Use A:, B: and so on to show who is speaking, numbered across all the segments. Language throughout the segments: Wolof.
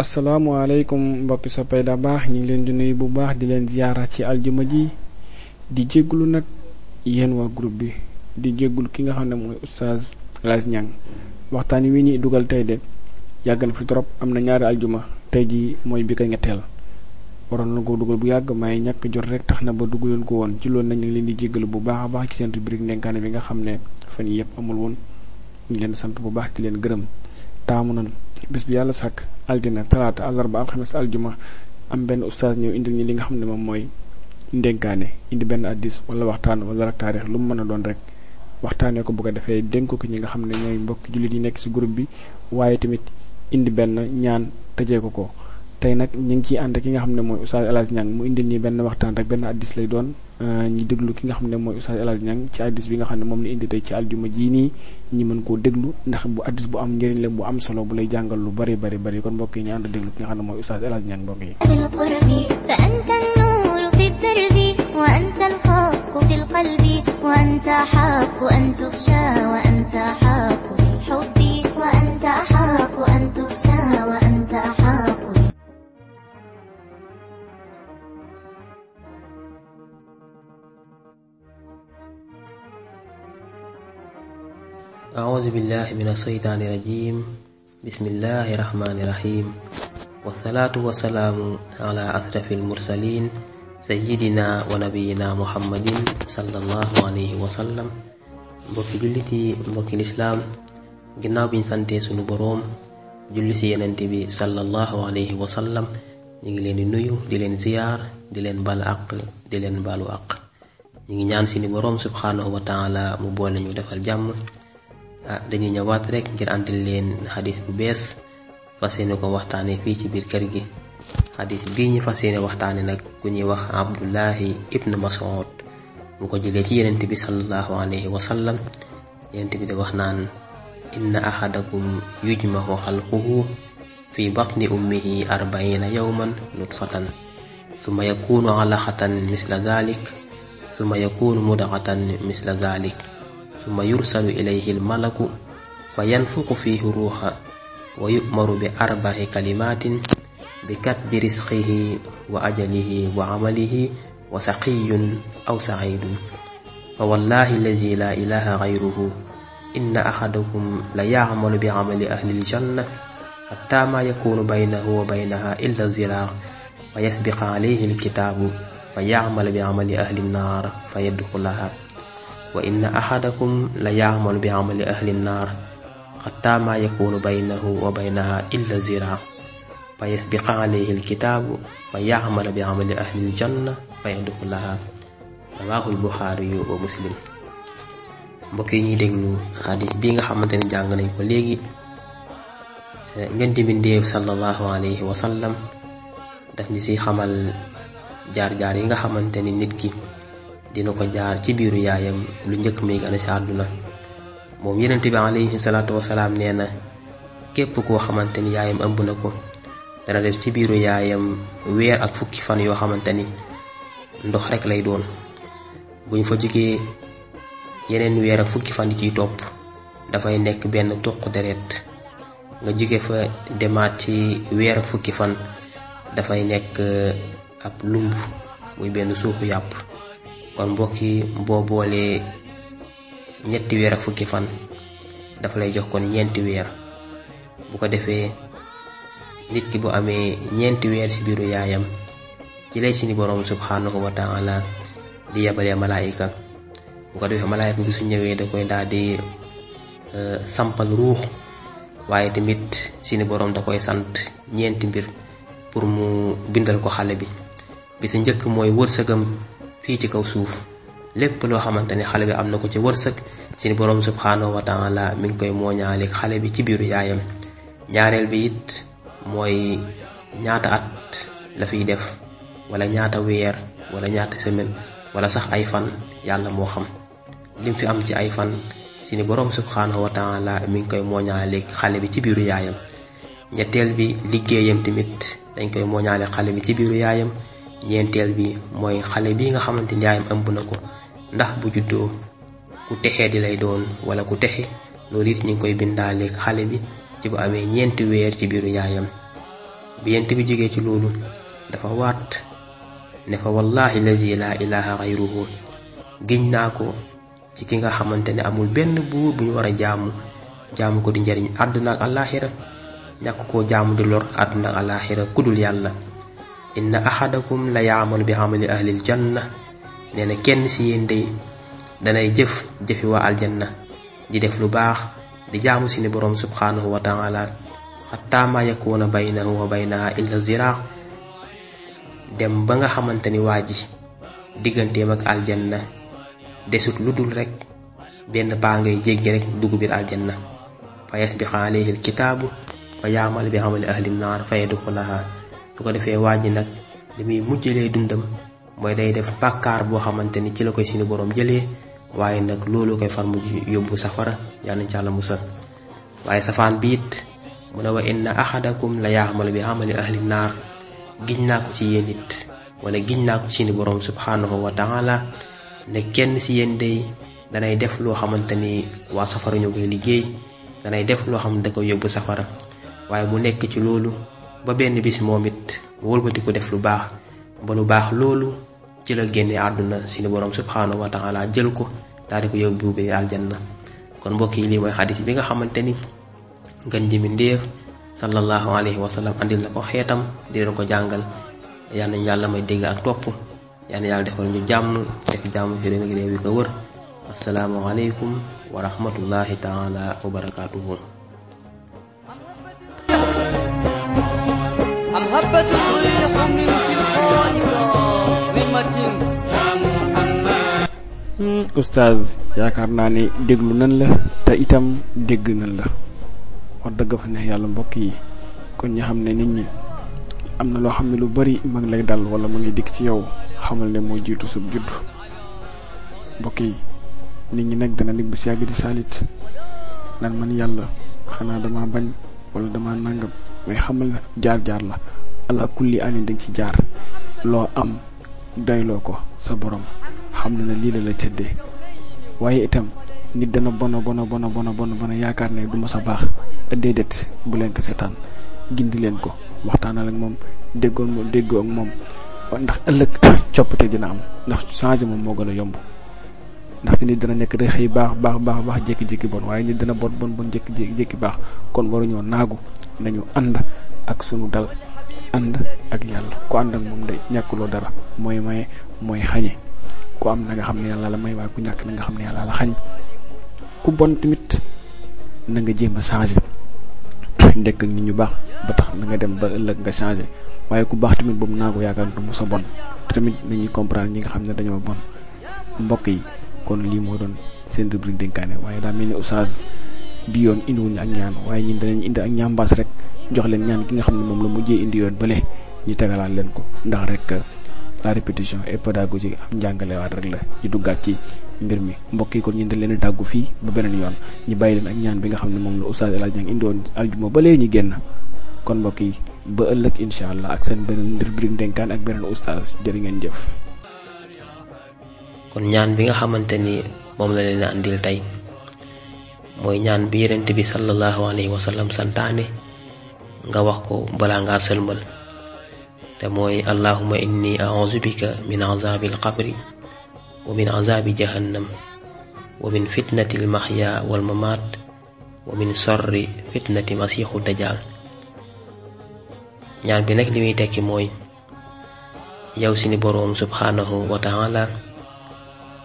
A: asalaamualeykum mbokki soppay da baax ñu ngi leen di nuyu bu baax di leen ziyaara ci aljuma ji di jégglu nag yéen waa groupe bi di jégglu ki nga xam ne mooy oustaz Las Niang waxtaan wi ñuy dugal tey de yàgg na fi trop am na ñaari aljuma tey ji mooy bi ka ñetteel waroon na ko dugal bu yàgg may ñàkk jot rek tax na ba dugaleen ko woon ci loolu nag ñu leen di jéggalu bu baax a baax ci seen rubrique ndenkaane bi nga xam ne fan yii yëpp amul woon ñu leen sant bu baax di leen gërëm taamu nañu bis bi yàlla sàkk altine talaata àllarba alxames aljuma am benn ustaas ñëw indil li nga xam ne moom mooy ndénkaane indi benn addis wala waxtaan wala la taarix lu mu mën a doon rek waxtaanee ko bu ko defee dénk ko ñi nga xam ne ñooy mbokk jullit yi nekk ci groupe bi waaye tamit indi benn ñaan tëjee ko ko tey nag ñu ngi ciy ànd ki nga xam ne mooy Oustaz El Hadj Niang mu indil ñi benn waxtaan rek benn addis lay doon euh, ñi déglu ki nga xam ne mooy Oustaz El Hadj ci addis bi nga xam ne moom la indi tey ci aljuma ji nii ñi mën koo déglu ndax bu addis bu am njëriñ la bu am solo bu lay jàngal lu bari bari bari kon mbokk yi ñu ànd déglu ki nga xam ne mooy Oustaz El Hadj Niang mbokk yi وأنت الحق في القلب وأنت حق أن تخشى وأنت حق
B: أعوذ بالله من الشيطان الرجيم بسم الله الرحمن الرحيم والصلاة والسلام على أشرف المرسلين سيدنا ونبينا محمد صلى الله عليه وسلم mbokki jullit yi mbokki lislaam ginnaaw biñ santee sunu boroom julli ci yenent bi sallallahu alayhi wa sallam ñu ngi leen di nuyu di leen ziyaar di leen bal àq di leen bal àq ñu ngi ñaan sini boroom subxaanahu wa mu boole ñu defal jàmm Ah, dañuy ñëwaat rek ngir àndil leen xadis bu bees fas yéene ko waxtaane fii ci biir kër gi xadis bii ñu fas yéene waxtaane nag ku ñuy wax abdullahi ibn mas'ud mu ko jëlee ci yenent bi sallallahu alayhi wa sallam yenent bi da wax naan inna ahadakum yujmahu xalquhu fi batni ummihi arbaina yawman nutfatan summa yakunu alaqatan misla dhalik summa yakunu mudghatan misla dhalik summa yursalu ilayhi almalaku fa yanfuqu fihi ruuxa wa yu'maru bi arba'i kalimaatin bi katbi risqihi wa ajalihi wa amalihi wa saqiyun aw sa'iidun fa wallaahi allazi laa ilaaha gayruhu inna ahadakum la ya'malu bi amali ahli aljanna xatta ma yakunu baynahu wa baynaha illa ziraa fa yasbiqa alayhi alkitaabu fa ya'malu bi amali ahli annaar fa yadxulaha wa inna ahadakum la yaamal bi amali ahli nnaar xataa maa yakunu baynahu wa baynaha illa zira fa yasbiqa alayhi alkitaabu fa yaamala bi amali ahli aljanna fa yadxulaha rawaahul buxaari yu yi ñuy déglu xadis nga xamante ne jàng nañ ko léegi ngeen di mbindéef sallallahu alayhi daf ñi si xamal jaar-jaar yi nga xamante ni nit ki dina ko jaar ci biiru yaayam lu njëkk muy gane si àdduna moom yonent bi alayhi salaatu wasalaam nee na képp koo xamante ni yaayam ëmb na ko dana def ci biiru yaayam weer ak fukki fan yoo xamante ni ndox rek lay doon buñ fa jógee yeneen weer ak fukki fan yi ciy topp dafay nekk benn tuq deret nga jóge fa demaat ci weer ak fukki fan dafay nekk euh, ab lumb muy benn suuxu yàpp kon mbokki boo boolee ñetti weer ak fukki fan dafa lay jox kon ñeenti weer bu ko defee nit ki bu amee ñeenti weer ci biiru yaayam ci lay suñu boroom subhanahu wa taala di yebalee malaayika bu ko defee malaayika bi su ñëwee da koy daal di euh, sampal ruux waaye tamit suñu boroom da koy sant ñeenti mbir pour mu bindal ko xale bi bi sa njëkk mooy wërsëgam fii ci kaw suuf lépp loo xamante ni xale bi am na ko ci wërsëg suñu boroom subhaanahu wa taala mi ngi koy mooñaale xale bi ci biiru yaayam ñaareel bi it mooy ñaata at la def wala ñaata weer wala ñaata semaine wala sax ay fan yàlla moo xam lim fi am ci ay fan suñu boroom subhaanahu wa taala mi ngi koy mooñaale xale bi ci biiru yaayam ñetteel bi liggéeyam tamit dañ koy mooñaale xale bi ci biiru yaayam ñeenteel bi mooy xale bi nga xamante ni njaayam ëmb na ko ndax bu juddoo ku texee di lay doon wala ku texe loolu it ñu ngi koy bindaaleeg xale bi ci bu amee ñeenti weer ci biiru yaayam bi yent bi jógee ci loolu dafa waat ne fa wallahi lazi laa ilaha xayruhu giñ naa ko ci ki nga xamante ne amul benn buur bu ñu war a jaamu jaamu ko di njariñ àdduna ak àllaaxira ñàkk koo jaamu di lor àdduna ak àllaaxira kudul yàlla inna ahadakum la yaamalu bi amali ahlil janna nee na kenn si yéen day danay jëf jëfi waa aljanna di def lu baax di jaamu si ne boroom subhaanahu wa taala xataa ma yakuuna baynahu wa illa zira dem ba nga xamante ni waa ji digganteem ak aljanna desut lu dul rek benn paa ngay jéggi rek dugg biir aljanna fa yasbiqa alayhi alkitaabu fa yaamal bi amali ahli nnaar fa yadxulaha bu ko defee waa ji nag li muy mujjalee dundam mooy day def bàkkaar boo xamante ni ci la koy suñu boroom jëlee waaye nag loolu koy far mujj yóbbu safara yàlla ci àlla musal waaye safaan bi it mu ne wa inna ahadakum la yaamalu bi amali ahli naar giñ naa ko ci yéen it wala giñ naa ko ci suñu boroom subhanahu wa la ne kenn si yéen day danay def loo xamante ni waa safara ñoo koy liggéey danay def loo xam ne da koy yóbbu safara waaye mu nekk ci loolu ba benn bis moom it wëlbati ko def lu baax ba lu baax loolu ci la génne àdduna si ni borom subhaanahu wa jël ko daal di ko yóbbu buubee aljanna kon mbokk yi lii mooy xadis bi nga xamante ni ngën ji mi ndéef sallallahu alayhi wa sallam andil na xeetam di ko jàngal yal yàlla may dégg ak topp yal na yàlla defal ñu jàmm def jàmm ci réew yi ko wër asalaamualeykum wa rahmatullahi taala wa محبة
A: yaakaar naa ne déglu nan la te itam dégg nan la wax dëgg fa neex yàlla mbokk yi kon ñi xam ne nit ñi am na loo xam ne lu bari mag lay dal wala ma ngi dikk ci yow xamal ne mooy jiitu sub judd mbokk yi nit ñi nag dana nekk bu si yàgg di saalit nan man yàlla xanaa dama bañ wala dama nàngam way xamal na jaar-jaar la ala kulli alin dañ ci jaar loo am doyloo ko sa boroom xam na ne lii la la tëddee waaye itam nit dana bona bona bona bona bona bona yaakaar ne du ma sa baax déedéet bu leen ko seetaan gindi leen ko waxtaanal ak moom déggoon moom déggoo ak moom ndax ëllëg coppite dina am ndax changé moom moo gën a yomb ndaxte nit dana nekk day xëy baax baax baax baax jékki-jékki bon waaye nit dana bon bon bon jékki-jékki baax kon waruñoo naagu nañu ànd ak sunu dal ànd ak yàlla ku ànd ak moom day ñàkkuloo dara mooy maye mooy xañe ku am na nga xam ne yàlla la may waaye ku ñàkk na nga xam ne yàlla xañ ku bon tamit na nga jéem a changé ndekk ak nit ñu baax ba tax na nga dem ba ëllëg nga changé waaye ku baax tamit boobu naa ko yaakaar du mos a bon tamit nañuy comprendre ñi nga xam ne dañoo bon mbokk yi kon lii moo doon seen rubrique dénkaane waaye daal mel ni oustaz bi yoon indiwuñu ak ñaan waaye ñun danañ indi ak ñaambaas rek jox leen ñaan ki nga xam ne moom la mujjee indi yoon bële ñu tegalaat leen ko ndax rek euh, la répétition et pédagogie am njàngalewaat rek la ñu duggaat ci mbir mi mbokk yi kon ñu dañ leen tàggu fii ba beneen yoon ñu bàyyi leen ak ñaan bi nga xam ne moom la oustaz El Hadj Niang indi woon aljuma ñu génn kon mbokk yi ba ëllëg incha allah ak seen beneen rubrique ndenkaan ak beneen oustaz jërë ngeen jëf.
B: kon ñaan bi nga xamante ni moom la leen andil tey mooy ñaan bi yonent bi sallallahu alayhi wa sallam santaane. nga wax ko balaa nga sëlmal te mooy allahuma inni auzu bika min azabi alqabri wa min azabi jahannam wa min fitnati almahya walmamat wa min sarri fitnati masiixu dajaal ñaan bi nag li muy tekki mooy yow si ni boroom subhanahu wa taala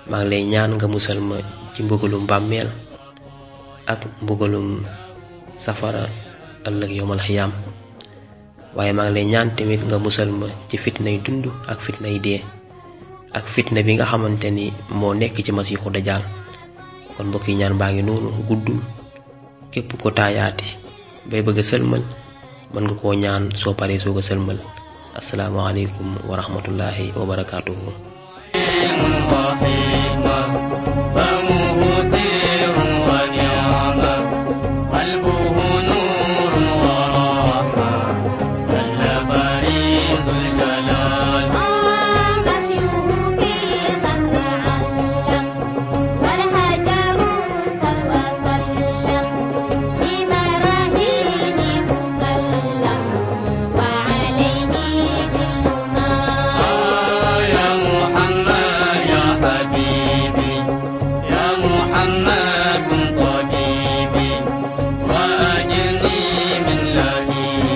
B: ngi lay ñaan nga musal ci mbugalum bàmmeel ak mbugalum safara ëllëg yowmal xiyaam waaye maa ngi lay ñaan tamit nga musal ma ci fitnay dund ak fitnay dee ak fitna bi nga xamante ni moo nekk ci masiixu dajaal kon mbokk yi ñaan baa ngi noonu guddul képp ko taayaati bay bëgg a sëlmal mën nga koo ñaan soo paree soo ko sëlmal asalaamaaleykum wa rahmatullahi wa